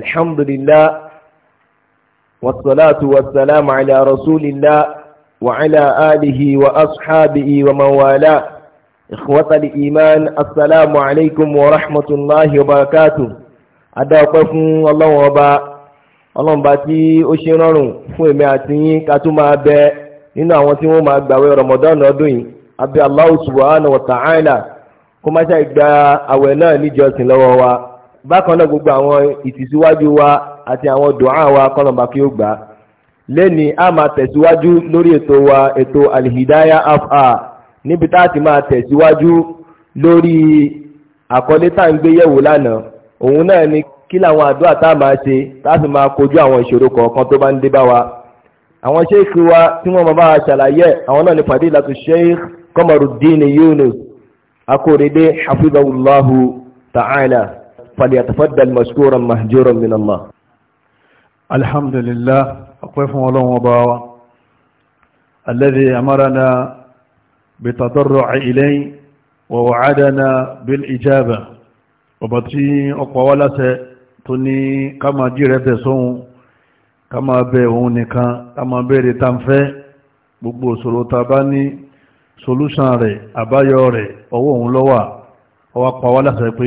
الحمد لله والصلاة والسلام على رسول الله وعلى آله وأصحابه ومن والاه إخوة الإيمان السلام عليكم ورحمة الله وبركاته أدعوكم الله وبركاته ọlọ́run bá tí ó ṣe rọrùn fún èmi àti yín ká tún máa bẹ nínú àwọn tí wọ́n máa gbàwẹ̀ Ramadan ọdún yìí abẹ́ Allahu subhanahu wa ta'ala kó má ṣe gba àwẹ̀ náà níjọsìn lọ́wọ́ wa bákan náà gbogbo àwọn ìtìsíwájú wa àti àwọn dùnà wa kọ́nàmbà kí ó gbà á lẹ́ni a máa tẹ̀síwájú lórí ètò wa ètò alìhìdáyà afa níbi tá a ti máa tẹ̀síwájú lórí àkọlé tá à ń gbé yẹ̀wò lánàá òun náà ni kí làwọn àdúrà tá a máa ṣe tá a sì máa kojú àwọn ìṣòro kọ̀ọ̀kan tó bá ń dé bá wa àwọn sheikh wa tí wọ́n máa bá a ṣàlàyé àwọn náà ni fadilatu sheikh Qamaruddin Yunus Akorede hafizahullahu ta'ala. فليتفضل مشكورا مهجورا من الله الحمد لله أقف ولو مباوى الذي أمرنا بتضرع إليه ووعدنا بالإجابة وبطي أقوالة تني كما جيرت سون كما بيهون كما بيري تنفي gbogbo òṣòro ta bá ní solúṣàn rẹ̀ àbáyọ rẹ̀ ọwọ́ òun lọ́wà ọwá pa wá láṣẹ pé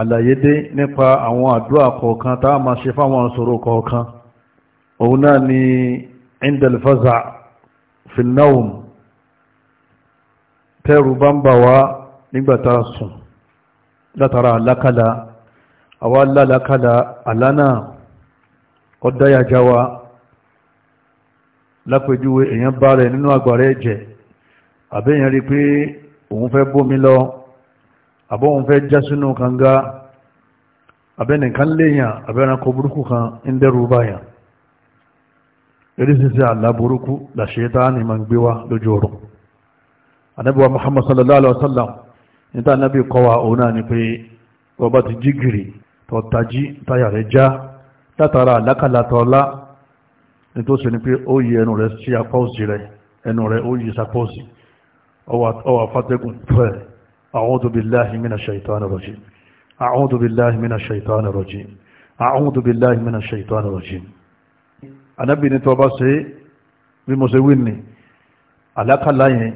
àlàyé dé nípa àwọn àdúrà kọ̀ọ̀kan tá a máa ṣe fáwọn ìṣòro kọ̀ọ̀kan òun náà ni indal faza finnaum tẹ́rù bá ń bà wá nígbàtà sùn látara àlákàlà àwa lálàkàlà àlánà ọdáyàjáwa lápẹjúwe èèyàn bá rẹ̀ nínú àgbàrẹ́ ẹ̀jẹ̀ àbẹ́yàn rí pé òun fẹ́ bómi lọ àbọ́n fẹ́ já sínú kànga abẹ́nìkan léyàn abẹ́ranko burúkú kan ń dẹ́rù báyàn eréṣiṣẹ́ àlá burúkú làṣẹ́ta ni ma ń gbé wá lójú ọ̀rọ̀ anábíwa muhammad sallallahu alaihi wasallam níta anábí kọwa òun náà ni pé ọba ti jí gìrì tọ́tají táyà rẹ̀ já látara àlákàlátọ́lá nítòsí ni pé ó yí ẹnu rẹ̀ sí apọ́ọ̀sì rẹ̀ ẹnu rẹ̀ ó yí sapọ́ọ̀sì ọwà fátẹ́gùn fẹ́ẹ̀ أعوذ بالله من الشيطان الرجيم أعوذ بالله من الشيطان الرجيم أعوذ بالله من الشيطان الرجيم Ànábì ní tó bá ṣe bí mo ṣe wí ni àlákàlá yẹn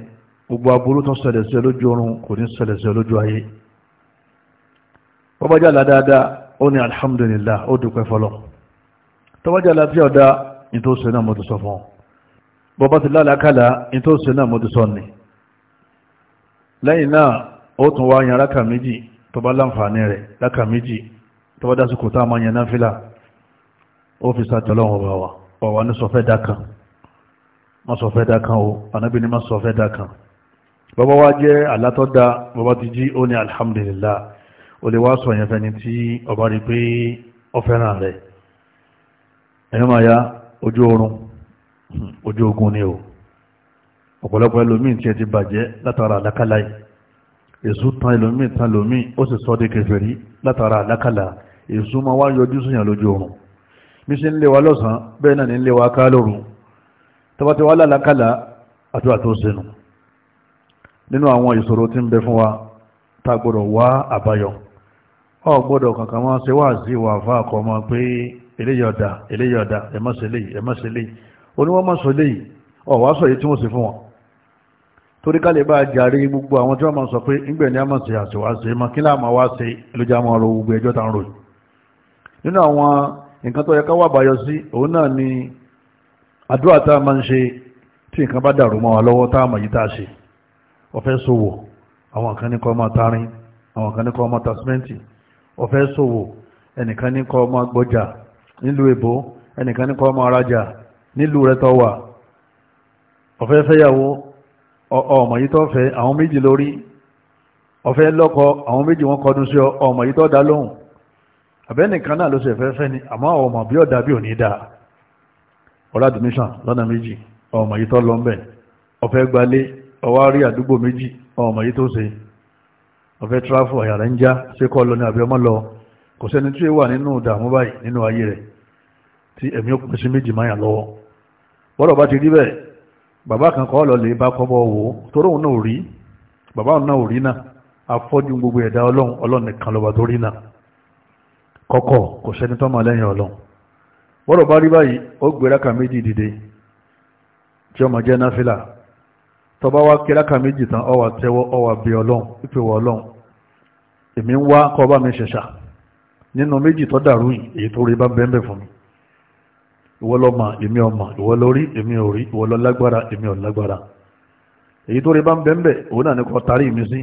gbogbo aburú tó ṣẹlẹ̀ sí lójú ọ̀run kò ní ṣẹlẹ̀ sí lójú ayé bọ́bá jà ládáadáa ó ní alhamdulillah ó dúpẹ́ fọlọ́ tọ́bá jà láti ọ̀dá ní tó ṣe náà mo ti sọ fún ọ bọ́bá ti lálàákàlá ní tó ṣe náà mo ti sọ ni lẹ́yìn náà ó tún wá yan rákà méjì tó bá láǹfààní rẹ̀ rákà méjì tó bá dásìkò tá a máa yan náfìlà ó fi sàtọ̀lọ́wọ̀n bá wa ọ̀wà ní sọfẹ́ dákan má sọfẹ́ dákan o ànábì ní má sọfẹ́ dákan bàbá wa jẹ́ àlátọ́dá bàbá ti jí ó ní alhamdulillah ó lè wá sọ yẹn fẹ́ni tí ọba rí pé ọ fẹ́ràn rẹ̀ ẹ̀yọ́ máa ya ojú oorun ojú ogun ni o ọ̀pọ̀lọpọ̀ ẹlòmíì tí ẹ ti bàjẹ́ látara àlákàlà yìí èṣù tán ẹlòmíì tán lòmíì ó sì sọ di kèfèrí látara àlákàlà èṣù máa wá yọjú síyàn lójú oorun bí ń lé wa lọ́sàn-án bẹ́ẹ̀ náà ní ń wa ká lóru tọ́ba ti wá lálàkàlà àdúrà tó sínú nínú àwọn ìṣòro tí ń bẹ fún wa tá a gbọ́dọ̀ wá àbáyọ ọ gbọ́dọ̀ kankan máa ṣe wá sí ìwà àfa àkọ́ máa pé eléyọ̀dà eléyọ̀dà ẹ̀mọ́sẹ̀lẹ̀ ẹ̀mọ́sẹ̀lẹ̀ oníwọ́n máa sọ léyìí ọ̀ wá sọ torí ká lè bá jàrí gbogbo àwọn tí wọ́n máa sọ pé ìgbẹ̀ ní a ma kí láàmà wá gbogbo ẹjọ́ nínú àwọn nǹkan tó ni àdúrà tá a máa ń ṣe tí wa lọ́wọ́ tá a mọ̀ yìí tá a ṣe ọ̀fẹ́ àwọn kan ní kọ́ tarin àwọn kan ní kọ́ máa tasmenti ọ̀fẹ́ ṣòwò ẹnìkan ní kọ́ máa ọmọ yìí tó fẹ́ àwọn méjì lórí ọ̀fẹ́ lọ́kọ àwọn méjì wọ́n kọdún sí ọmọ yìí tó dá lóhùn àbẹ́nìkan náà ló sì fẹ́ fẹ́ ni àmọ́ ọmọ bí ọ̀dà bí ò ní dáa ọ̀rá admission lọ́nà méjì ọmọ yìí tó lọ́mbẹ̀ ọ̀fẹ́ gbalé ọwá rí àdúgbò méjì ọmọ yìí tó ṣe ọ̀fẹ́ tráfù àyàrá ń já ṣé kọ́ lọ ní àbí lọ kò sẹ́ni tí ó wà nínú ìdààmú báyìí nínú ayé rẹ̀ tí ẹ̀mí ó pèsè méjì máyà lọ́wọ́ bọ́dọ̀ bá ti rí bẹ́ẹ̀ bàbá kan kọ́ lọ lè bá kọ́bọ̀ wò torí òun náà rí bàbá òun náà rí náà afọ́jú gbogbo ẹ̀dá ọlọ́run ọlọ́run nìkan lọ́ba tó rí náà kọ́kọ́ kò sẹ́ni tó máa lẹ́yìn ọlọ́run bọ́rọ̀ bá rí báyìí ó gbé rákà méjì dìde tí ọmọ jẹ́ náfìlà tọba wá kí rákà méjì tán ó wá tẹ́wọ́ ó wá bí ọlọ́run ìpè wọ ọlọ́run èmi ń wá kọ́ bá mi ṣẹ̀ṣà nínú méjì tó dàrú yìí èyí tó rí bá bẹ́ẹ̀ fún mi ìwọ lọ́mọ èmi ọmọ ìwọ lórí èmi òrí ìwọ lọ lágbára èmi ò lágbára èyí tó rí bá ń bẹ́ ń bẹ̀ òun náà ní kọ́ tarí mi sí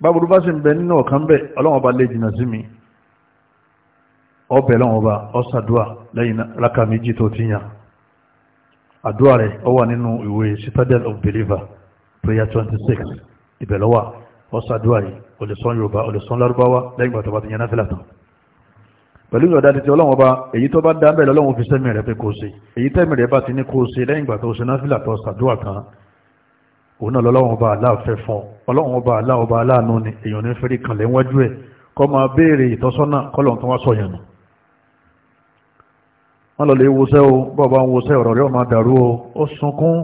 báburú bá sì ń bẹ nínú ọ̀kan bẹ̀ ọlọ́wọ́n bá lè jìnà sí mi ọbẹ̀ lọ́wọ́n bá ọ̀sàdúà lẹ́yìn méjì tó ti yàn àdúà rẹ̀ ọ wà nínú ìwé citadel of believer prayer twenty six ìbẹ̀lọ́wà yìí olùsọ́n yorùbá olùsọ́n lárúbáwá lẹ́yìn bá ti yàn náà pẹ̀lú ìyọ̀dá ti ọlọ́run ọba èyí tó bá dá bẹ́ẹ̀ lọ́lọ́run fi sẹ́mi rẹ̀ pé kò ṣe èyí tẹ́mi rẹ̀ bá ti ní kò ṣe lẹ́yìn ìgbà tó ṣe náfìlà tó ṣàdúrà kan òun náà lọ́lọ́run ọba aláàfẹ́ fún ọlọ́run ọba aláàọba aláàánú ni èèyàn ní fẹ́rí kan lẹ́wájú ẹ̀ kọ́ máa béèrè ìtọ́sọ́nà kọ́lọ́run tó wá sọ yẹn nù. wọ́n lọ lè wọṣẹ́ o bọ́ọ̀ bá ń wọṣẹ́ ọ̀rọ̀ rẹ̀ máa dàrú o ó sunkún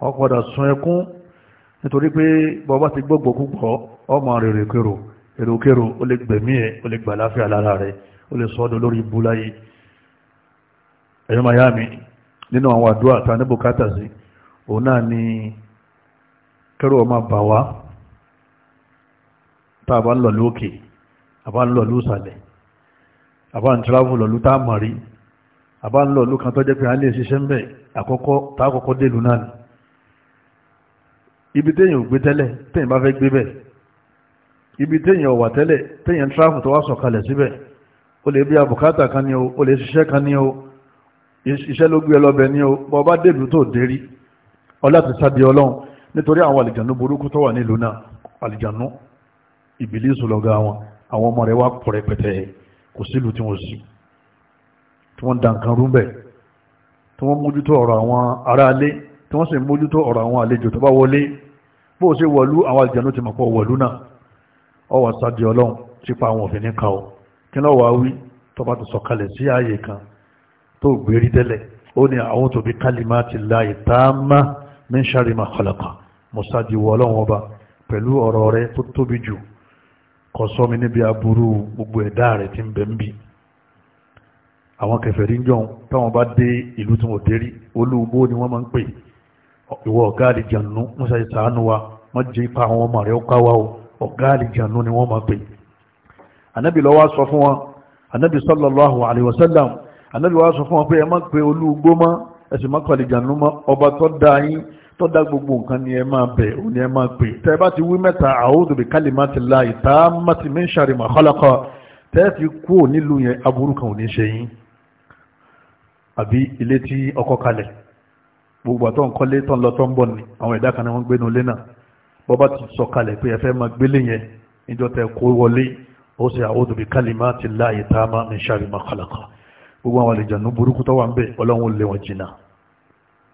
ó padà sun ẹkún nítorí pé bọ́ọ̀ bá ti gbọ́gbọ́ púpọ̀ ó máa rèrè kérò èrò kérò ó lè gbẹ̀mí ẹ̀ ó lè gbà láfíà lára rẹ̀ ó lè sọ́dọ̀ lórí ibú ẹ̀yọ́ miami nínú àwọn àdúrà tá ní bùkátà sí òun náà ni kẹ́rù ọmọ bà wá tá a bá ń lọ lókè a bá ń lọ lóòsàlẹ̀ a bá ń tíráfù lọ́lú tá a mọ̀ rí a bá ń lọ lókàn tó jẹ́ pé a lè ṣiṣẹ́ ń àkọ́kọ́ tá a kọ́kọ́ dèlú náà ni ibi téèyàn ò gbé tẹ́lẹ̀ téèyàn bá fẹ́ gbé bẹ̀ ibi téèyàn ò tẹ́lẹ̀ téèyàn tíráfù tó wá sọ̀kalẹ̀ síbẹ̀ o lè bí abùkátà kan ní o o lè ṣiṣẹ́ kan ní o iṣẹ́ ló gbé ọlọ́bẹ ní o bọ́ bá dèbù tó dérí ọlá ti sáde ọlọ́run nítorí àwọn àlìjànú burúkú tó wà nílùú náà àlìjànú ìbílísù lọ́gá wọn àwọn ọmọ rẹ̀ wá pọ̀rẹ̀pẹ̀tẹ̀ kò sílùú tí wọ́n sì tí wọ́n dà nǹkan rú tí wọ́n mójútó ọ̀rọ̀ àwọn aráalé tí wọ́n sì mójútó ọ̀rọ̀ àwọn àlejò tó bá wọlé bó ṣe wọ̀lú àwọn àlìjànú ti mọ̀ pọ̀ wọ̀lú náà ọwọ́ sáde ọlọ́run sípa àwọn òfin ní kan o kí náà wá wí tó bá ti sọ̀kalẹ̀ sí ààyè kan tó gbèrí tẹ́lẹ̀ ó ní àwọn tóbi kálímà ti la ìtààmà min sharri ma khalaqa mùsàdìwọ̀ ọlọ́run ọba pẹ̀lú ọ̀rọ̀ rẹ tó tóbi jù kọ sọ mi níbi aburú gbogbo ẹ̀dá rẹ̀ ti ń bẹ ń bì àwọn kẹfẹ̀rí ń jọun táwọn bá dé ìlú tí wọ́n dérí olúgbó ni wọ́n máa ń pè ìwọ ọ̀gá àlìjànú mọ́sàdì sàánú wa wọ́n jẹ́ ipa àwọn ọmọ rẹ̀ ó káwá o ọ̀gá àlìjànú ni wọ́n máa pè anábì lọ́wọ́ sọ fún wọn anábì sallallahu alayhi wa sallam anábì wá sọ fún wọn pé ẹ má pe olúgbó mọ́ ẹ sì má pàdé jànú mọ́ ọba tó dá yín tó dá gbogbo nǹkan ni ẹ máa bẹ̀ ò ní ẹ máa pè tẹ́ ẹ bá ti wí mẹ́ta a'udhu bi kalimatillahi tammati min sharri ma khalaqa tẹ́ ẹ fi kú nílùú yẹn aburú kan ò ní ṣe yín àbí ilé tí ọkọ kalẹ̀ gbogbo àtọ́ nkọ́lé tẹ kó wọlé ó sì a'udhu bi kalimati llahi tama min sharri ma khalaqa gbogbo àwọn àlejànú burúkú tó wà ń bẹ̀ ọlọ́run lè wọn jìnà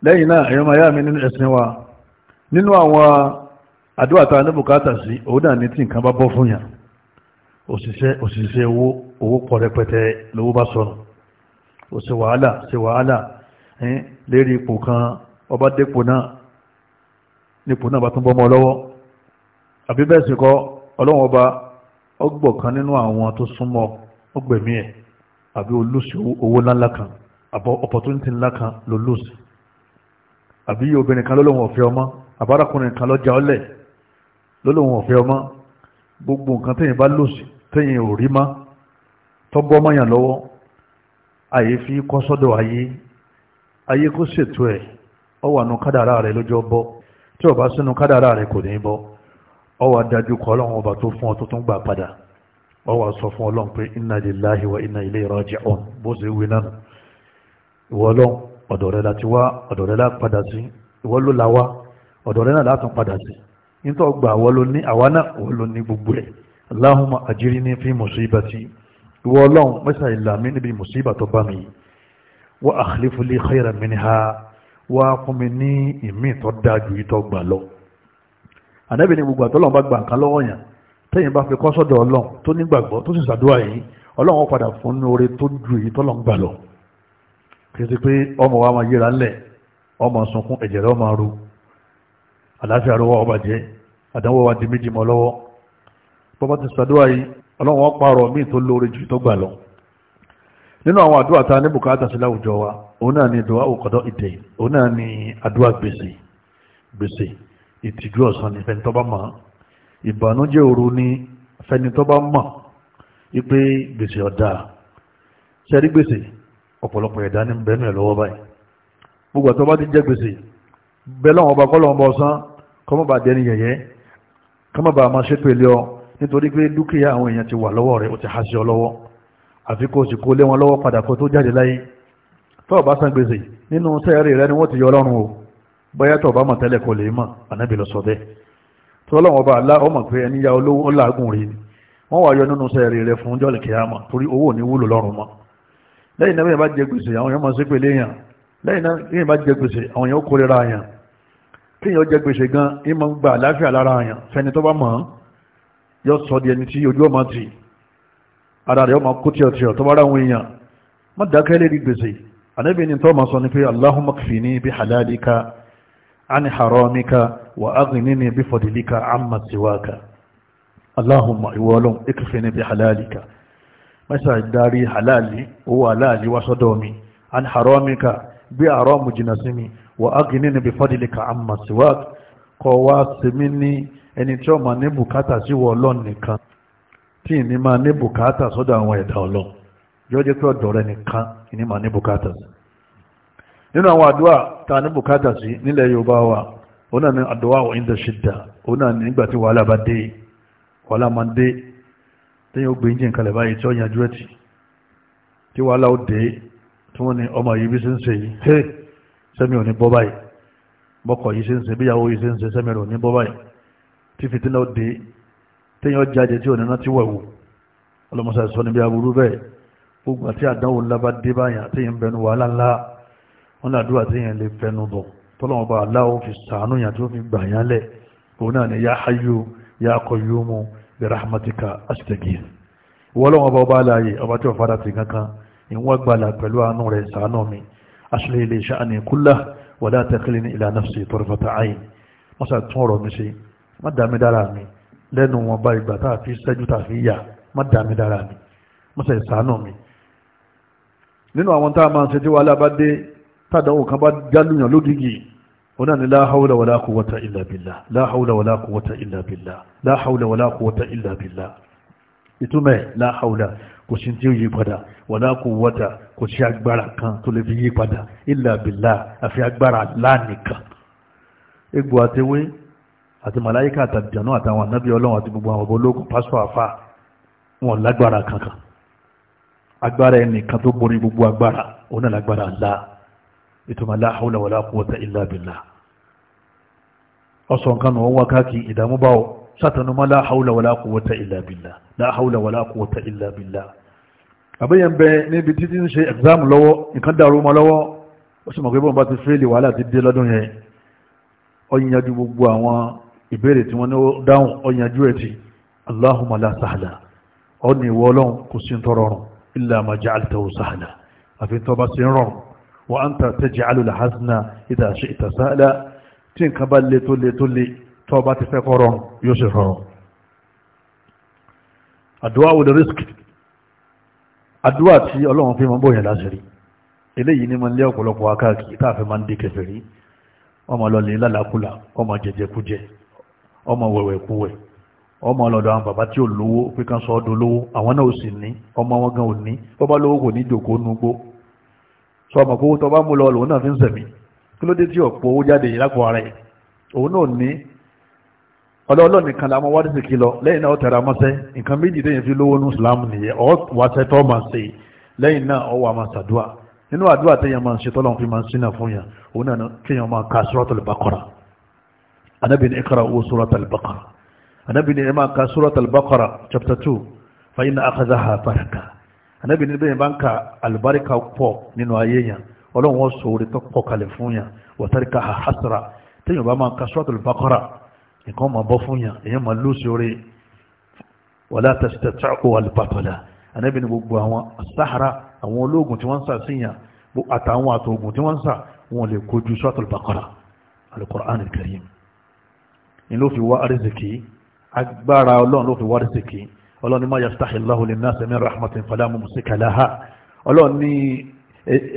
lẹ́yìn náà ẹ̀yọ́ máa yá mi nínú ẹ̀sìn wa nínú àwọn àdúrà tá a ní bùkátà sí òun náà ní tí nǹkan bá bọ́ fún yàn òṣìṣẹ́ òṣìṣẹ́ owó owó pọ̀ rẹpẹtẹ lówó bá sọnù ó ṣe wàhálà ṣe wàhálà lérí ipò kan ọba dépò náà nípò náà bá tún bọ́ mọ́ lọ́wọ́ àbí bẹ́ẹ̀ sì kọ́ ọlọ́run ọba ọgbọ̀ kan nínú àwọn tó súnmọ́ ọgbẹ̀mí ẹ̀ àbí olùsí owó ńláńlá kan àbọ̀ opportunity ńlá kan ló lùsí àbí obìnrin kan lọ́lọ́wọ́n ọ̀fẹ́ ọmọ àbárakùnrin kan lọ́jà ọlẹ̀ lọ́lọ́wọ́n ọ̀fẹ́ ọmọ gbogbo nǹkan tẹ́yìn bá lùsí tẹ́yìn ò rí má tọ́gbọ́ mọ́yàn lọ́wọ́ àyè fi kọ́ sọ́dọ̀ ayé ayé kó ṣètò ẹ̀ ọ wà nù kádàrá rẹ̀ lọ́jọ́ bọ́ tí ó bá sínú kádàrá rẹ̀ kò ní bọ́ ọwọ́ adájú kọ́ ọlọ́run ọba tó fún ọ tó tún gbà padà ọwọ́ sọ fún ọlọ́run pé inna lillahi wa inna ilayhi raji'un bó ṣe wí náà ìwọ ọlọ́run ọ̀dọ̀ wá ọ̀dọ̀ padà sí ìwọ ló la látún padà sí nítorí ọgbà àwọ ní àwa náà òun ní gbogbo ẹ̀ Allahumma ajirni fi musibati ìwọ ọlọ́run mẹ́sà ìlàmí níbi musibati tó bá mi yìí ànábì ní gbogbo àtọ́lọ́wọ́n bá gba nǹkan lọ́wọ́ yàn tẹ́yìn bá fi kọ́ sọ́dọ̀ ọlọ́run tó nígbàgbọ́ tó sì ṣàdúrà yìí ọlọ́run padà fún ní oore tó ju èyí tọ́lọ́run gbà lọ kì í ti pé ọmọ wa máa yíra ńlẹ̀ ọmọ sunkún ẹ̀jẹ̀ rẹ̀ máa ru àlàáfíà rẹ̀ ọba jẹ́ àdánwò wa di méjì mọ́ lọ́wọ́ bọ́bá ti ṣàdúrà yìí ọlọ́run wọn pààrọ̀ míì tó lóore ju tó gbà lọ nínú àwọn àdúrà ta ní bùkátà sí láwùjọ wa òun náà ni dùwà òkọ̀dọ̀ ìdè òun náà ni àdúrà gbèsè gbèsè ìtìjú ọ̀sán ni fẹ́ni tó bá mọ̀ ìbànújẹ́ òru ni fẹ́ni tó bá mọ̀ wípé gbèsè ọ̀dà sẹ́rí gbèsè ọ̀pọ̀lọpọ̀ ẹ̀dá ní bẹ́nu ẹ̀ lọ́wọ́ báyìí gbogbo àtọ́ bá ti jẹ́ gbèsè bẹ́ẹ̀ lọ́wọ́ ọba kọ́lọ́wọ́ ọba ọ̀sán kọ́mọ́bà dẹni yẹ̀yẹ́ kọ́mọ́bà máa ṣépè lé ọ nítorí pé dúkìá àwọn èèyàn ti wà lọ́wọ́ rẹ̀ ó ti há sí ọ lọ́wọ́ àfi kó o sì kó lé wọn lọ́wọ́ padà kó tó jáde láyé tọ́ọ̀ bá san gbèsè nínú sẹ́ẹ̀rì rẹ ni wọ́n ti yọ ọlọ́run o bóyá tó bá mọ̀ tẹ́lẹ̀ kò lè mọ̀ ànábì lọ sọ bẹ́ẹ̀ tó lọ́wọ́ bá alá ọmọ pé ẹni ya olówó ọlágùn rí ni wọ́n wà yọ nínú sẹ́ẹ̀rì rẹ fún jọ́lì kìámà torí owó ní wúlò lọ́rùn mọ́ lẹ́yìn náà bá jẹ gbèsè àwọn èèyàn máa ṣépè léèyàn lẹ́yìn náà bá jẹ gbèsè àwọn èèyàn kó lera àyàn tí èèyàn jẹ gbèsè gan ẹ máa gba àláfíà lára àyàn fẹni tó bá mọ̀ yọ sọ di ẹni tí ojú ọmọ ti ara rẹ̀ ọmọ kó tiọ̀ tiọ̀ tó bá ráwọn èèyàn má dákẹ́ lérí gbèsè ànábìíní tó máa sọ ni pé Allahumma kfini bi halalika عن حرامك وأغنني بفضلك عما سواك اللهم إولهم اكفني بحلالك ما الداري حلالي هو حلالي وصدومي عن حرامك بأرام جناسمي وأغنني بفضلك عما سواك قواسمني ẹni tí ó máa ní bùkátà sí wọ ọlọ́run nìkan tí ìní máa ní bùkátà sọ́dọ̀ àwọn ẹ̀dá ọlọ́run yóò jẹ́ ọ̀dọ̀ rẹ nìkan ìní máa ní bùkátà sí nínú àwọn àdúwà ta ní bùkátà sí nílẹ̀ Yorùbá wa òun náà ni àdúwà ò ń dẹ̀ṣìdà òun náà ni nígbàtí wàhálà bá dé wàhálà máa dé tí yóò gbé ìjìn kalẹ̀ báyìí tí ó yànjú ẹ̀ tí wàhálà ó tí wọ́n ni ọmọ yìí bí sí ń ṣe yìí hé sẹ́mi ò ní bọ́ báyìí bọ́kọ̀ yìí sí ń ṣe bíyàwó yìí sí ń ṣe sẹ́mi ò ní bọ́ báyìí tí fìtínà ó dé tí yóò jáde tí ò wọn náà dúró àti yẹn lè fẹnu bọ̀ tọ́lọ́wọ́n bá aláwọ̀ fi sàánú yàn tó fi gbà yán lẹ̀ òun náà ni yá hayyu yá qayyumu bi rahmatika astaghith wọ́lọ́wọ́n bá ọba aláyè ọba tí ó fara ti kankan ìwọ́n gbàlà pẹ̀lú àánú rẹ̀ sàánú mi aslih li sha'ni kullahu wa la takilni ila nafsi tarfata ayn wọ́n sà tún ọ̀rọ̀ mi sí má dàmí dára mi lẹ́nu wọn bá ìgbà tá tàdánwò kan bá jálùyàn lódìgì onáni la hawla wala quwwata illa billah la hawla wala quwwata illa billah la hawla wala quwwata illa billah ìtumẹ̀ la hawla kò sí tí ó yí padà wala quwwata kò sí agbára kan tó lè fi yí padà illa billah àfi agbára lánìkan egbò àtẹwé àti màláyíkà àtàdìjànú àtàwọn ànábì ọlọ́run àti gbogbo àwọn ọmọ ológun pásọ àfà wọn lágbára kankan agbára ẹnìkan tó borí gbogbo agbára onílágbára Allah ìtumọ̀ la hawla wala quwwata illa billah ọsàn kan wọn wá káàkiri ìdààmú báwọ sátànumọ́ la hawla wala quwwata illa billah la hawla wala quwwata illa billah àbẹ́yẹn bẹ níbi títí ń ṣe exam lọ́wọ́ nǹkan dàrú mọ́ lọ́wọ́ ó sì mọ̀ pé bọ́n bá ti fẹ́ẹ̀lì wàhálà ti dé lọ́dún yẹn ọ̀yìnyanjú gbogbo àwọn ìbéèrè tí wọ́n ní dáhùn ọ̀yìnyanjú ẹ̀ ti Allahumma la sahla ọ ní ìwọ ọlọ́run kò sí ń tọrọrùn illa ma ja'altahu sahla àfi tọ́ bá sí ń wa anta taj'alul hazna idha shi'ta sahla tí nǹkan bá le tó le tole le tó bá ti fẹ́ kọ́rọ̀ yóò ṣe rọrùn àdúwà wòlè risk àdúwà tí ọlọ́run fi máa bóyàn láṣìírí eléyìí ní máa ń lé ọ̀pọ̀lọpọ̀ taa káàfin ma di ọmọ lọlẹ̀ àwọn bàbá tí ò lówó pé kan sọ àwọn náà ò sì ní ọmọ wọn gan ò ní lówó kò ní jòkó nugbó sọ ọmọ kówó tó bá mú lọ lòun náà fi ń sẹ̀mí kí ló dé tí ọ̀pọ̀ owó jáde yìí lápò ara ẹ̀ òun náà ní ọlọ́ọ̀lọ́ nìkan la mọ wá dísì kí lọ lẹ́yìn náà ó tẹ̀ra mọ́sẹ́ nǹkan méjì tẹ̀yìn fi lówó ní Islam nìyẹn ọ̀ wáṣẹ́ tó máa ṣe lẹ́yìn náà ọwọ́ àmà ṣàdúà nínú àdúrà tẹ̀yìn máa ń ṣe tọ́lọ́n fi máa ń sínà fún yàn òun náà kéèyàn máa ka Suratul Baqara Ànábì ní owó Suratul Baqara Ànábì ní ka Suratul Baqara chapter two fa inna akhadhaha baraka ànábì ní bẹ́ẹ̀ bá ń ka àlùbáríkà pọ̀ nínú ayé yẹn ọlọ́run wọn sọ orí tó pọ̀ kalẹ̀ fún yẹn wọ́tàríkà hasra téèyàn bá máa ka suratul baqara nǹkan máa bọ́ fún yẹn èèyàn máa lóòsì orí wàlá tẹ̀sítẹ̀tẹ̀kọ̀ àlùbátọ̀là ànábì ní gbogbo àwọn sahara àwọn olóògùn tí wọ́n ń sà sí yẹn àtàwọn àtòògùn tí wọ́n ń sà wọn lè kojú suratul baqara alukur'an alkarim ni ló fi wá arizikì agbára ọlọ́run ló fi wá arizikì ọlọ́ni má yastahi Allahu linnasi min rahmatin fala mumsika laha ọlọ́ni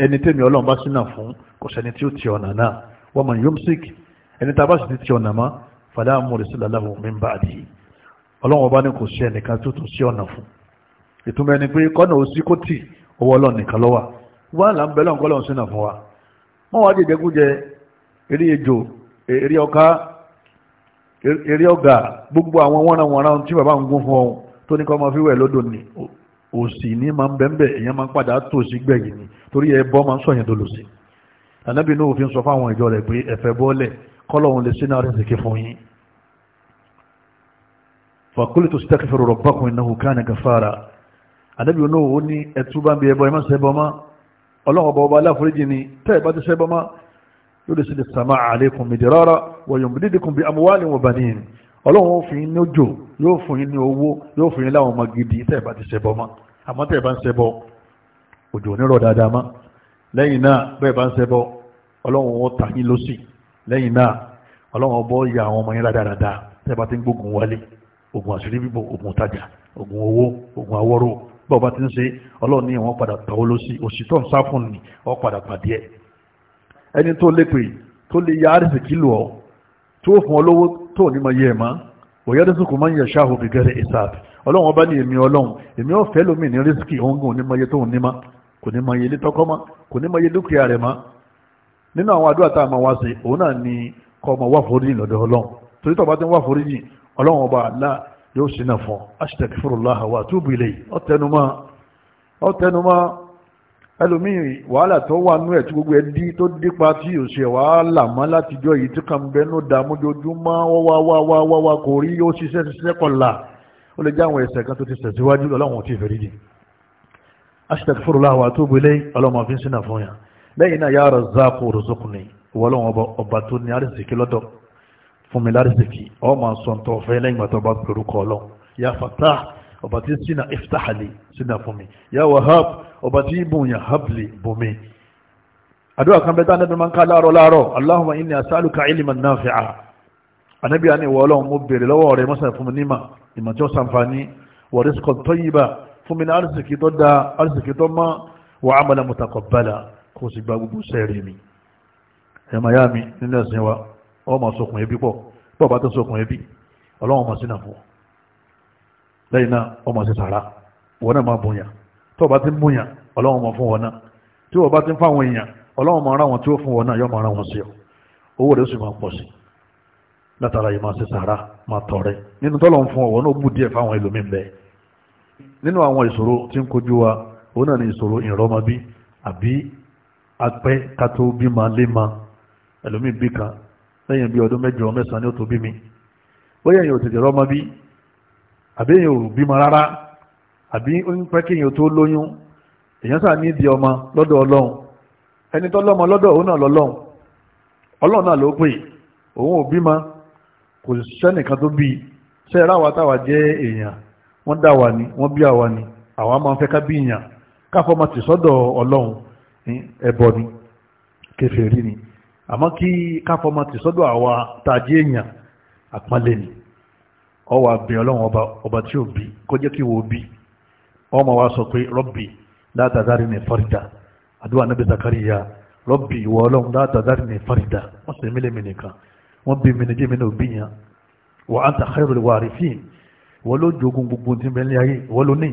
ẹni tẹ́mi ọlọ́run bá sínà fún kò sẹ́ni tí ó ti ọ̀nà náà wa man yumsik ẹni tá a bá sì ti ti ọ̀nà mọ́ fala mursila lahu min ba'dihi ọlọ́run ọba ní kò sí ẹnìkan tó tún sí ọ̀nà fún ìtumọ̀ ẹni pé kọ́nà òsì kò tì owó ọlọ́run nìkan lọ́wà wọ́n là ń bẹ lọ́nkọ́ tó ní kọ́ ọmọ fíwẹ̀ lódò ni òsì ní máa ń bẹ́ńbẹ́ èèyàn máa ń padà tó sí gbẹ̀yìn ni torí ẹ bọ́ máa ń sọ̀yìn dolòsì ànábì náà òfin sọ fáwọn ìjọ rẹ̀ pé ẹ̀fẹ́ bọ́ọ̀lẹ̀ kọ́lọ́hún lè sínú àrẹ̀ ìsìnkè fún yín fàkúlì tó sítẹ́kì fẹ́rọ̀ rọ̀bákùn iná hùkánì náà ó ní ẹtú bá ń bí ni tẹ́ ẹ ọlọ́run fún yín ní òjò yóò fún yín ní owó yóò fún yín láwọn ọmọ gidi tẹ́ ẹ̀ bá ti ṣẹbọ mọ́ àmọ́ tẹ́ ẹ̀ bá ń ṣẹbọ òjò onírọ̀ dáadáa mọ́ lẹ́yìn náà bẹ́ẹ̀ bá ń ṣẹbọ ọlọ́run ó ta yín lọ́sì lẹ́yìn náà ọlọ́run ọbọ̀ ya àwọn ọmọ yín dáadáa tẹ́ bá ti ń gbógun wálé ògùn àṣírí bíbò ògùn tajà ògùn owó ògùn awọ́rò bọ́ọ̀ bá ti ń ṣe ọlọ́run ní ìwọ̀n ni ọ padà pàdé ẹ ẹni tó lépè tó lè ya àrísìkí lù ọ́ tí ó fún olówó tó ní ma yẹ ma òyàdẹ́sùkù máa ń yẹ̀ṣà òbí gẹ́rẹ́ ìsáàbì ọba ní èmi ọlọ́run èmi ọ̀fẹ́ lómi ní rísíkì òǹgùn ní ma kò ní mọye ilé tọ́kọ́ ma kò ní mọye dúkìá rẹ̀ ma nínú àwọn àdúrà tá a máa wá sí òun náà ni kọ́ ọmọ lọ́dọ̀ torí tọ́ba tí ń ẹlòmíì wàhálà tó wà nú ẹ̀ tí gbogbo ẹ̀ dí tó dípa tí ò ṣe wàhálà mọ́ látijọ́ yìí tí kàn bẹ́ ní dàmójoojúmọ́ wáwáwáwáwá kò rí ó ṣiṣẹ́ ṣiṣẹ́ kọ̀la ó lè jáwọn ẹ̀ṣẹ̀ kan tó ti ṣẹ̀ síwájú ọlọ́run ti fẹ̀rí dì astaghfirullah wa atubu ilayh ọlọ́run fi ń sínà fún yàn lẹ́yìn náà ya razzaq urzuqni ìwọlọ́run ọba tó ní ọba tí sínà iftahali sínà fún mi ya wahab ọba tí bùnyàn habli bùnmi àdúrà kan bẹ́tà anábì máa ń ká láàárọ̀ láàárọ̀ allahumma inni as'aluka ilman nafi'a anábì àni ìwọ ọlọ́run mo bèrè lọ́wọ́ rẹ̀ mọ́sàn fún mi níma ìmọ̀ tí ó sànfàní wa rizqan tayyiba fún mi ní arísìkì tó dáa arísìkì tó mọ́ wa amalan mutaqabbala kó sì gba gbogbo sẹ́ẹ̀rì mi ẹ̀mà yá mi nínú ẹ̀sìn wa ọ ma sọkùn ẹbí pọ̀ pọ̀ bá tó sọkùn ẹbí ọlọ́run ma sínà fún ọ lẹ́yìn náà ọmọ sí sàrà wọn náà máa bùnyàn tó o bá ti ń bùnyàn ọlọ́run mọ̀ fún wọn náà tí o bá ti ń fáwọn èèyàn ọlọ́run mọ̀ ara wọn tí ó fún wọn náà yọ mọ̀ ara wọn sí ọ owó rẹ̀ sì máa pọ̀ sí látara yìí máa sí sàrà máa tọ̀ rẹ̀ nínú tọ́lọ̀ ń fún ọ̀wọ́ náà bù díẹ̀ fáwọn ẹlòmíín bẹ́ẹ̀ nínú àwọn ìṣòro tí ń kojú wa òun náà ni ìṣòro ìrọmọbí àbí apẹ́ kátó bímọ léma ẹlòmíín bí kan lẹ́yìn bí ọdún mẹ́jọ mẹ́sàn-án ni ó tó bí mi bóyá èèyàn ò tètè rọmọ bí àbẹ́yìn ò bímọ rárá àbí ó ń pẹ́ kéèyàn tó lóyún èèyàn sáà ní ìdí ọmọ lọ́dọ̀ ọlọ́run ẹni tó lọ́mọ lọ́dọ̀ òun náà lọ́lọ́run ọlọ́run náà ló pè òun ò bímọ kò sẹ́nìkan tó bí ṣe é ráwa táwa jẹ́ èèyàn wọ́n dá wa ni wọ́n bí àwa ni àwa máa ń fẹ́ ká bí èèyàn káfọ́ máa ti sọ́dọ̀ ọlọ́run ẹbọ ni kèfèrí ni àmọ́ kí káfọ́ máa ti sọ́dọ̀ àwa tá a jẹ́ èèyàn àpọ́nlé ni ọwọ́ abẹ́ ọlọ́run ọba ọba tí ó bí kó jẹ́ kí wo bí ọmọ wa sọ pé rọ́bì látàzárí ní fọ́rídà àdúrà nábì zakariya rọ́bì ìwọ ọlọ́run látàzárí ní fọ́rídà wọ́n sì mílẹ̀ mi nìkan wọ́n bí mi ní jẹ́ mi ní òbí yẹn wọ́n á ta khairul warifin wọ́n ló jogun gbogbo tí ń bẹ ní ayé wọ́n ló ní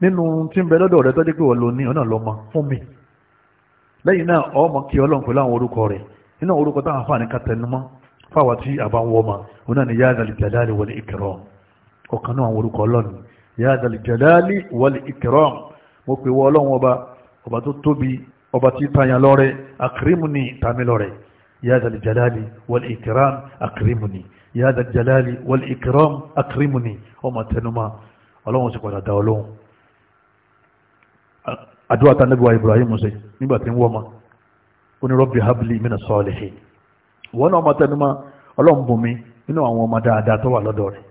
nínú tí ń bẹ lọ́dọ̀ rẹ tọ́jú pé wọ́n ló ní ọ̀nà lọ́mọ fún mi fáwọn tí a bá ń wọ́n ma wọn náà ni yá àdàlì jàdáàlì wal ikram ọ̀kan náà orúkọ ọlọ́run yá àdàlì jàdáàlì wal ikram mo pè wọ́ ọlọ́run ọba ọba tó tóbi ọba tí tayan lọ́rẹ́ akrimuni tami lọ́rẹ́ yá àdàlì jàdáàlì akrimuni ọmọ tẹnuma ọlọ́run sì padà dá ọlọ́run àdúrà tán Ibrahim ṣe nígbà tí ń wọ́n ma onírọ́bì habli mina salihin ìwọ náà ọmọ tẹnumọ́ ọlọ́run bùnmi nínú àwọn ọmọ dáadáa tó wà lọ́dọ̀ rẹ̀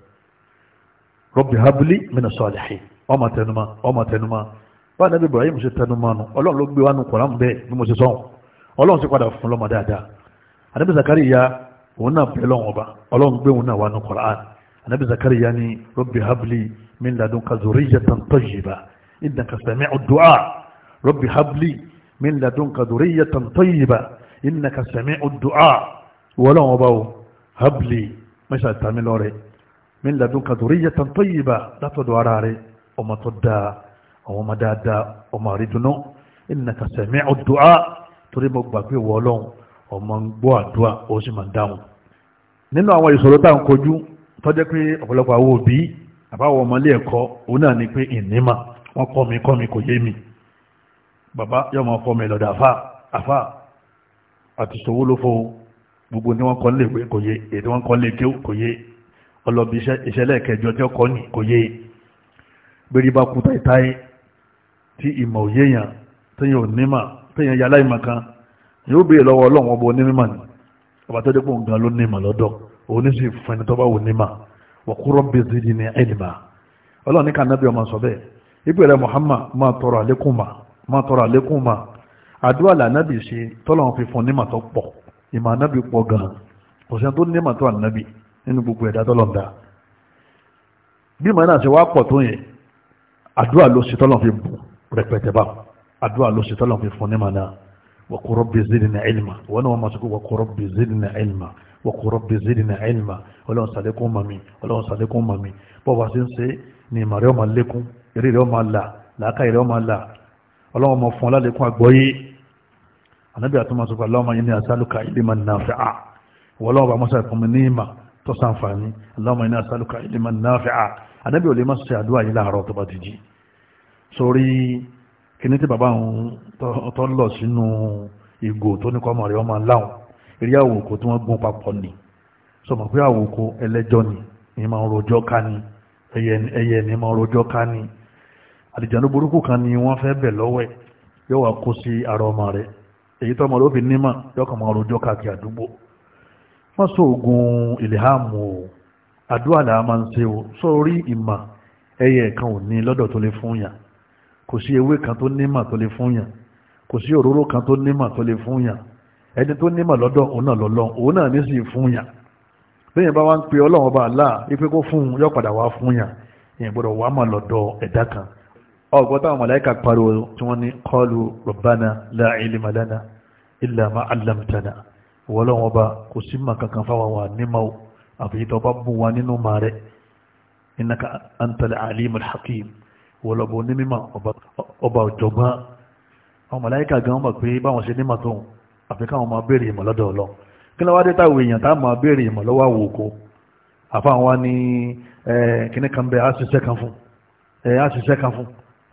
Rabbi habli mina salihin ọmọ tẹnumọ́ ọmọ tẹnumọ́ bá nàbí Ibrahim ṣe tẹnumọ́ nu ọlọ́run ló gbé wa nu bẹ́ẹ̀ bí mo ṣe sọ́hùn ọlọ́run sì padà fún lọ́mọ dáadáa ànábì Zakariya òun náà bẹ́ẹ̀ lọ́wọ́n ọba ọlọ́run gbé òun náà wa nu Kùránì ànábì Zakariya ni Rabbi habli min ladunka zurriyatan tayyiba innaka sami'u du'a Rabbi habli min ladunka zurriyatan tayyiba innaka sami'u du'a wọ́lọ́wọ́ bá o habli mẹ́sà tàmí lọ rẹ̀ min ladun ka dhurriyatan tayyiba látọ̀dọ̀ ara rẹ̀ ọmọ tó dáa àwọn ọmọ dáadáa ọmọ àrídùnú innaka sami'u du'a torí mo gbà pé wọ́lọ́wọ́ ọmọ ń gbọ́ àdúrà ó sì máa dáhùn nínú àwọn ìṣòro tá à ń kojú tọ́jẹ́ pé ọ̀pọ̀lọpọ̀ àwọn òbí àbáwọ̀ ọmọlé ẹ̀kọ́ òun náà ni mi kọ́ mi kò yé mi bàbá yọmọ fọmọ ìlọ̀dà àfà àfà àti gbogbo ní wọ́n kọ́ lè pé kò yé èdè wọ́n kọ́ lè ké kò yé ọlọ́bi ìṣẹ̀lẹ̀ kẹjọ tí ọkọ̀ ní kò yé bẹ́rí bá kú táìtáì tí ìmọ̀ òye yàn téèyàn ò nímọ̀ téèyàn yà láìmọ̀ kan yóò béèrè lọ́wọ́ ọlọ́run ọba onímọ̀ ni ọba tó dé pò ń gan ló nímọ̀ lọ́dọ̀ òun ní sì fún ẹni tó bá wò nímọ̀ wa qur rabbi zidni ilma ọlọ́run ní ibi rẹ̀ Muhammad máa tọrọ àlékún mà máa tọrọ àlékún mà àdúrà lànàbì ṣe tọ́lọ́run fi ìmọ̀ ànábì pọ̀ gan ọ̀sẹ̀ tó ní ìmọ̀ tó ànábì nínú gbogbo ẹ̀dá tọ́lọ̀dá bí ìmọ̀ náà ṣe wá pọ̀ tó yẹn àdúrà ló ṣe tọ́lọ̀ fi bù rẹpẹtẹ bá àdúrà ló ṣe tọ́lọ̀ fi fún ní màná wa qur rabbi zidni ilma wọn náà wọn máa sọ pé wa qur rabbi zidni ilma wa qur rabbi zidni ilma ọlọ́run sàlékún mami ọlọ́run sàlékún mami bọ́ọ̀bà ni ìmọ̀ rẹ̀ ọmọ lékún eré rẹ̀ ọmọ là làákà rẹ̀ ọmọ là ọlọ́run ànábì àtúmọ̀ sọ pé Allahumma as'aluka ilman nafi'a wọ́n lọ́wọ́ bá mọ́sá ìfún mi ní ìmà tó sànfàní Allahumma inni as'aluka ilman nafi'a ànábì ò lè má ṣe àdúrà yìí láàárọ̀ tó bá ti jí sórí kíní tí bàbá òun tó lọ sínú ìgò tó ní kọ́mọ rẹ̀ ọmọ aláwọ̀ eré àwòkó tí wọ́n gún papọ̀ ni sọmọ pé àwòkó ẹlẹ́jọ́ ni ní máa ń rojọ́ ká ni ẹyẹ ní máa ń rojọ́ ká ni àdìjànú burúkú kan ni wọ́n fẹ́ bẹ̀ lọ́wẹ̀ yóò wá kó sí ara ọmọ rẹ̀ èyí tó ọmọ ló fi nímọ̀ yọkàn máa káàkiri àdúgbò wọ́n sọ ìlẹ̀hàmù o àdúrà làá máa ń ṣe o sórí ìmọ̀ ẹyẹ kan ò ní lọ́dọ̀ tó lè fún yàn kò sí ewé kan tó nímọ̀ tó lè fún yàn kò sí òróró kan tó nímọ̀ tó fún yàn ẹni tó nímọ̀ lọ́dọ̀ òun náà lọ́lọ́ òun náà ní sì fún yàn bá wá ń pe ọlọ́run ọgbọ́ta àwọn mọ̀láíkà pariwo tí wọ́n ní kọlu rọ̀bánà láìlìmọ̀lánà ìlàmà allamtana wọ́lọ́wọ́ bá kò sí ma kankan fáwọn wà nímọ̀ àfihìtọ̀ bá bù wá nínú ma rẹ̀ innaka antal alim alhakim wọ́lọ́bọ̀ ní mímọ̀ ọba ọ̀jọ̀gbá àwọn mọ̀láíkà gan mọ̀ pé báwọn ṣe nímọ̀ tóun àfi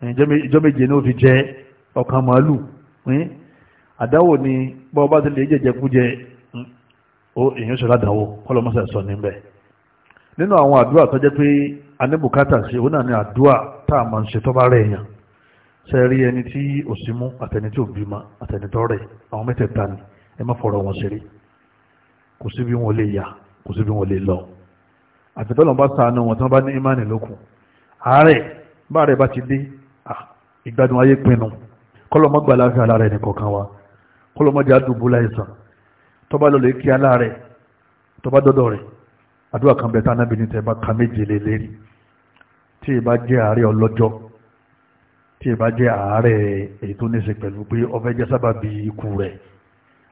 ìjọ eh, méje ní ó fi jẹ ọkàn màálù eh? àdáwò ni bọ́ bá ti lè jẹjẹkújẹ hmm, ó èyàn ṣe ládàáwò kọlọmọsẹ̀ sọ níbẹ̀ nínú àwọn àdúrà tó jẹ́ pé anébùkátà sí òun náà ni àdúrà tá a máa ń ṣe tó bá rẹ̀ èèyàn ṣe rí ẹni tí ò sí mú àtẹni tí ò bímọ àtẹni tó rẹ̀ àwọn mẹ́tẹ̀ẹ̀ta ni ẹ má fọ̀rọ̀ wọn ṣeré kò sí bí wọn lè yà kò sí bí wọn lè lọ àtẹ̀tọ́lọ́n bá sànù wọn tí wọ́n bá ní ìmánì lókun àárẹ̀ bá rẹ̀ bá ti dé ìgbádùn ayé pinnu kọlọmọ gba aláfẹ́ alára ẹni kọ̀ọ̀kan wa kọlọmọ jẹ́ àdúgbò láìsàn tọ́ba lọ lè kí aláàrẹ̀ tọ́ba dọ́dọ̀ rẹ̀ àdúrà kan bẹ̀ tánàbí ní tẹ́ bá ka méje lè lérí tí ì bá jẹ́ àárẹ̀ ọlọ́jọ́ tí ì bá jẹ́ àárẹ̀ èyí tó ní í ṣe pẹ̀lú pé ọfẹ́ jẹ́ sábà bí ikú rẹ̀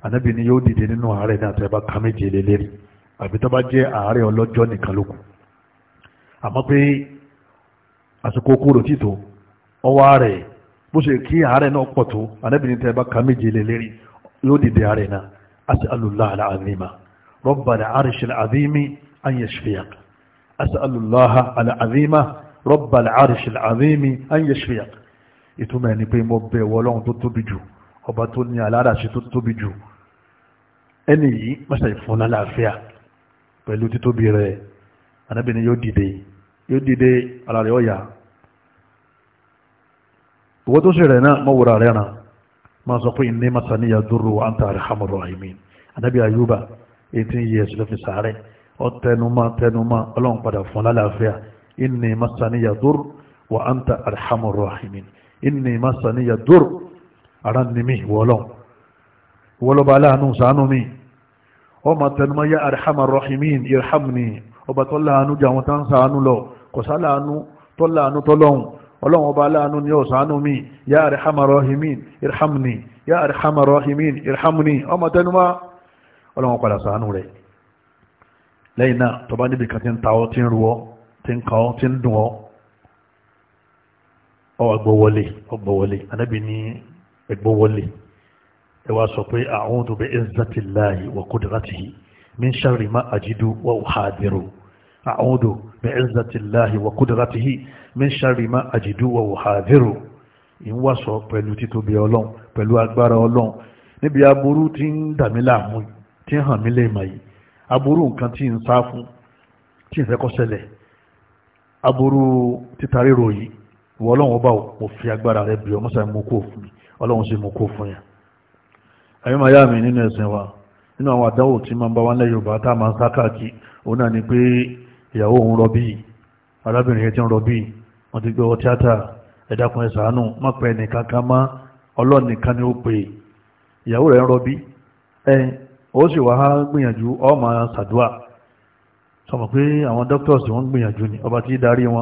ànábì ni yóò dìde nínú àárẹ̀ náà tẹ́ bá ka méje lè àbí tọ́ba jẹ́ àárẹ̀ ọlọ́jọ́ nìkan lókun àmọ́ pé àsìkò kúrò títò ọwọ́ rẹ̀ bó ṣe kí àárẹ̀ náà pọ̀ tó anábìnrin tẹ́ bá ka méje lé lérí yóò dìde àárẹ̀ náà as'alullah al-azima rabbal arsh al-azimi an yashfiyak as'alullah al-azima rabbal arsh al-azimi an yashfiyak ìtumọ̀ ẹni pé mo bẹ̀ wọ́ ọlọ́run tó tóbi jù ọba tó ní aláràṣe tó tóbi jù ẹni yìí mọ́sàá ìfún lálàáfíà pẹ̀lú títóbi rẹ̀ anábìnrin yóò dìde yóò dìde ara ọ̀yà ìwọ́n tó sì rẹ̀ náà mọ́ wúra rẹ̀ náà máa sọ pé ní masaniya dúró wa ń ta rẹ̀ hamadu ahimin anabi ayuba eighteen years ló fi sàárẹ̀ ọ tẹnumọ́ tẹnumọ́ ọlọ́run padà fún lálàáfíà inni masaniya dúró wa ń ta rẹ̀ hamadu ahimin inni masaniya dúró ara ni mi wọ́lọ́ wọ́lọ́ba aláàánú sànú mi ọ ma tẹnumọ́ ya arhamar rahimin irhamni ọba tọ́láàánú jà wọn tán sànú lọ kọ̀sálàánú tọ́láàánú tọ́lọ́hun ọlọ́run ọba aláàánú ni ọ̀sánú mi ya arhamar rahimin irhamni ya arhamar rahimin irhamni ọmọ tẹnumá ọlọ́run padà sàánú rẹ̀ lẹ́yìn náà tọba níbi kan ti ń ta ọ ti ń ru ọ ti ń kan ọ ti ń dùn ọ ọgbọ̀wọlé ọgbọ̀wọlé anábì ní ẹgbọ̀wọlé ẹ wá sọ pé a'udhu bi izzatillahi wa qudratihi min sharri ma ajidu wa uhadiru أعوذ bi'izzati llahi wa qudratihi min sharri ma ajidu wa uhadhiru ìwàsọ̀ pẹ̀lú títóbi ọlọ́run pẹ̀lú agbára ọlọ́run níbi aburú tí ń dàmí láàmú tí ń hàn mí lè mọ̀ yìí aburú nǹkan tí ń sá fún tí ń fẹ́ kó ṣẹlẹ̀ aburú títa ríro yìí ìwọ ọlọ́run ọba mo fi agbára rẹ bí ọmọ sáré mú kó fún mi ọlọ́run sì mú kó fún yà ẹ̀yọ́ máa yá mi nínú ẹ̀sìn wa nínú àwọn àdáwò tí máa ń bá wá lẹ́yìn ọba tá a máa ń ni pé ìyàwó òun rọbí arábìnrin yẹn ti ń rọbí wọ́n ti gbé ọ tíátà ẹ̀dàkùn ẹ̀sàánù má pẹ́ nìkan kan mọ́ ni ó pè ìyàwó rẹ̀ ń rọbí ẹ ó sì wá gbìyànjú ọmọ sàdúà sọmọ pé àwọn doctors tí wọ́n gbìyànjú ni ọba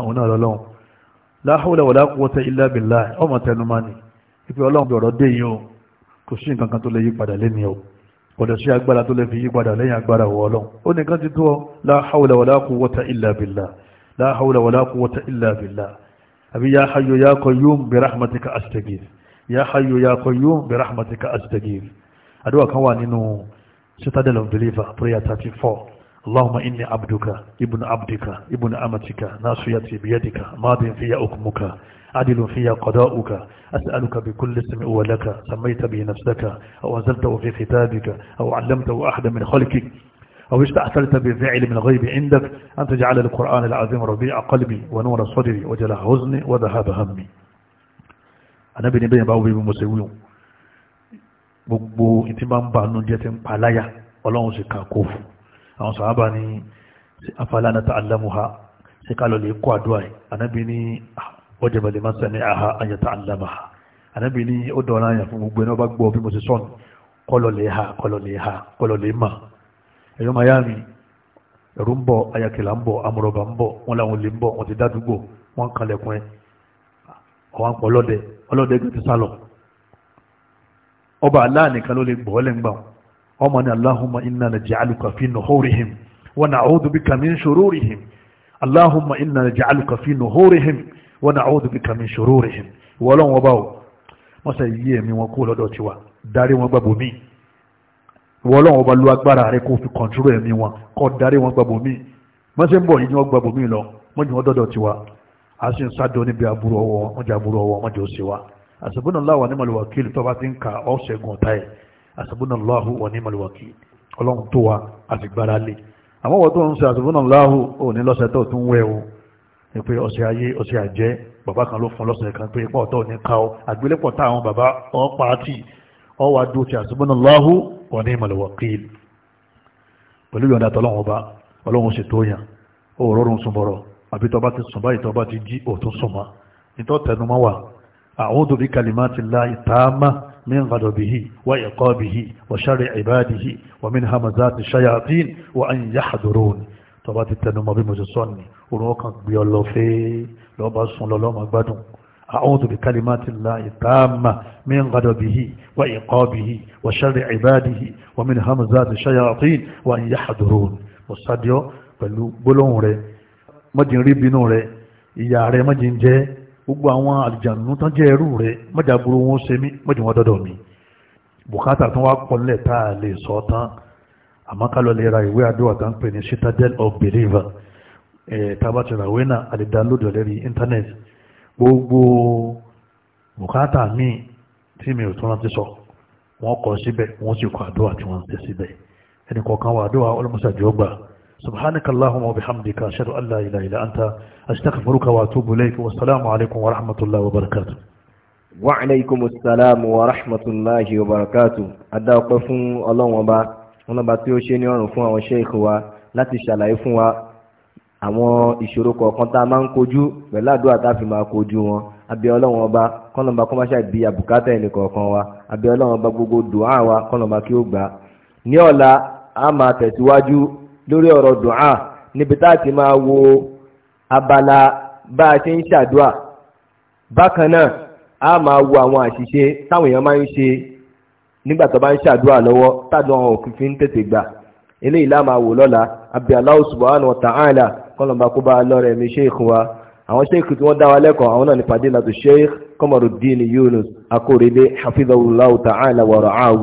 wọn òun náà ọmọ ni ìpè o kò sí nǹkan kan tó lè yí o kọ̀dọ̀ sí agbára tó lè fi yí padà lẹ́yìn agbára wọ́ọ́lọ́n ó nìkan ti tó ọ la hawla wala quwwata illa billah la hawla wala quwwata illa billah àbí ya hayyu ya qayyum bi rahmatika astaghith ya hayyu 34 اللهم إني عبدك ابن عبدك ابن أمتك ناصيتي بيدك ماض في أكمك عدل في قضاؤك أسألك بكل اسم ولك سميت به نفسك أو أنزلته في كتابك أو علمته أحد من خلقك أو استأثرت بفعل من غيب عندك أن تجعل القرآن العظيم ربيع قلبي ونور صدري وجلاء حزني وذهاب همي أنا بني بني باوي بمسيوي gbogbo ìtí máa ń bá nú jẹ́ ti àwọn sàhábà ni afala nata'allamuha ṣe ká lọ lè kó àdúrà yìí anábì ní ah, wajaba liman sami'aha an yata'allamaha anábì ní ó dọ̀ọ́nà àyàn fún gbogbo ẹni ọba gbọ́ bí mo ṣe sọ́nù kọlọ̀ lè ha kọlọ̀ lè ha ẹ̀yọ́ miami ẹ̀rú ń bọ̀ ayakẹ̀lá ń bọ̀ amúrọ̀bà ń bọ̀ wọn làwọn lè ń bọ̀ wọn ti dádúgbò wọn kalẹ̀kùn ẹ̀ ọwọ́ ọmọ ní aláhùnmá iná na jàálùkà fi nùhórihim wọn na àwọ́dù bí kàmí ń ṣòrórihim aláhùnmá iná na jàálùkà fi nùhórihim wọn na àwọ́dù bí kàmí ń ṣòrórihim wọ́lọ́n wọn báwo wọ́n sẹ́ yí ẹ̀mí wọn kó lọ́dọ̀ tiwa darí wọn gbàgbọ́ mí wọ́lọ́n wọn bá lu agbára rẹ kó fi kọ̀ntúrò ẹ̀mí wọn kọ́ darí wọn gbàgbọ́ mí wọ́n sẹ́ ń bọ̀ yìí ni wọ́n gbàgbọ́ mí lọ wọ́n jù wọ́n dọ́dọ̀ tiwa a sì ń sádọ́ níbi àbúrò ọwọ́ wọn jẹ́ àbúrò ọwọ́ wọn jẹ́ òsèwà àṣìbọ́nà láwà ní mọ̀lúwà kí ìlú tó bá ti ń ka ọ̀ṣẹ́gun ọ̀tá ẹ̀ àṣàbùnàláhù wà ní màlúwàkì ọlọ́run tó wa àti gbára lé àwọn wọ́n tó ń ṣe àṣàbùnàláhù ò ní lọ́sẹ̀ tó tún wẹ̀ o ní pé ọ̀sẹ̀ ayé ọ̀sẹ̀ àjẹ́ bàbá kan ló fún lọ́sẹ̀ kan pé ipá ọ̀tọ̀ ní ká ọ àgbélépọ̀ táwọn bàbá ọ̀ pàtì ọ wà dúró ti àṣàbùnàláhù wà ní màlúwàkì pẹ̀lú yọ̀ǹda tọ́lọ́run ọba ọlọ́run ṣètò yàn ó rọrùn súnmọ́rọ̀ àbí ti sùn báyìí من غضبه وعقابه وشر عباده ومن همزات الشياطين وأن يحضرون tọba ti tẹnu mọ bí mo ṣe sọ ni orun ọkàn gbé ọ lọ fẹ lọba sùn lọ lọmọ gbádùn a'udhu bi kalimati llahi tamma min ghadabihi wa iqabihi wa sharri ibadihi wa min hamazati shayatin wa an yahdurun mo sadiọ pẹ̀lú gbólóhùn rẹ̀ mọjìn rí bínú rẹ̀ ìyà rẹ̀ mọjìn jẹ gbogbo àwọn àlùjànnú tán jẹ́ ẹrú rẹ̀ mọ́jà burú wọn ṣe mí mọ́jà wọn dọ́dọ̀ mi bùkátà tó wá kọ́lẹ̀ tá a lè sọ tán àmọ́ lè ra ìwé àdúrà tá pè ní citadel of believer ẹ̀ tabatira wena àdìdánlódò lórí internet gbogbo bùkátà mi tí mi ò tún rántí sọ wọ́n kọ síbẹ̀ wọ́n sì kọ àdúrà tí wọ́n ń tẹ̀ síbẹ̀ ẹnì kọ̀ọ̀kan wà àdúrà ọlọ́mọṣàjọ́ سبحانك اللهم وبحمدك أشهد أن لا إله إلا أنت أستغفرك وأتوب إليك والسلام عليكم ورحمة الله وبركاته وعليكم السلام ورحمة الله وبركاته أدعو قفون الله وبا ونبا تيوشي نيوان فون وشيخ و láti ṣàlàyé fún wa àwọn ìṣòro kọ̀ọ̀kan tá a máa ń kojú pẹ̀lú àdúrà tá a fi máa kojú wọn abẹ́ ọlọ́run ọba kọ́nàmbà kọ́ máa àbùkátà ẹnì kọ̀ọ̀kan wa abẹ́ ọlọ́run ọba gbogbo dùn án wa kí ó gbà á. ní ọ̀la a máa tẹ̀síwájú lórí ọ̀rọ̀ dùnà níbi tá a ti máa wo abala bá a ṣe ń ṣàdúà bákan náà a máa wo àwọn àṣìṣe táwọn èèyàn máa ń ṣe nígbà tó bá ń ṣàdúà lọ́wọ́ tádùn àwọn òfin fi ń tètè gbà eléyìí lá máa wò lọ́la abi Allah subhanahu wa ta'ala kọ́lọ̀mbà kó bá a lọ́rẹ̀ mi sheikh wa àwọn sheikh tí wọ́n dá wa lẹ́kọ̀ọ́ àwọn náà ní fadilatu sheikh Qamaruddin Yunus Akorede hafizahullahu ta'ala wa ra'ahu